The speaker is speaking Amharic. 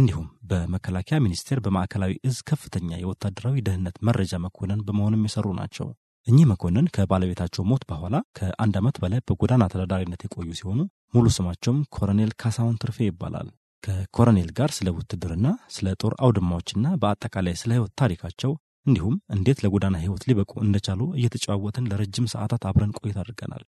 እንዲሁም በመከላከያ ሚኒስቴር በማዕከላዊ እዝ ከፍተኛ የወታደራዊ ደህንነት መረጃ መኮንን በመሆንም የሰሩ ናቸው። እኚህ መኮንን ከባለቤታቸው ሞት በኋላ ከአንድ ዓመት በላይ በጎዳና ተዳዳሪነት የቆዩ ሲሆኑ ሙሉ ስማቸውም ኮሎኔል ካሳሁን ትርፌ ይባላል። ከኮሎኔል ጋር ስለ ውትድርና፣ ስለ ጦር አውድማዎችና በአጠቃላይ ስለ ህይወት ታሪካቸው እንዲሁም እንዴት ለጎዳና ህይወት ሊበቁ እንደቻሉ እየተጨዋወትን ለረጅም ሰዓታት አብረን ቆይታ አድርገናል።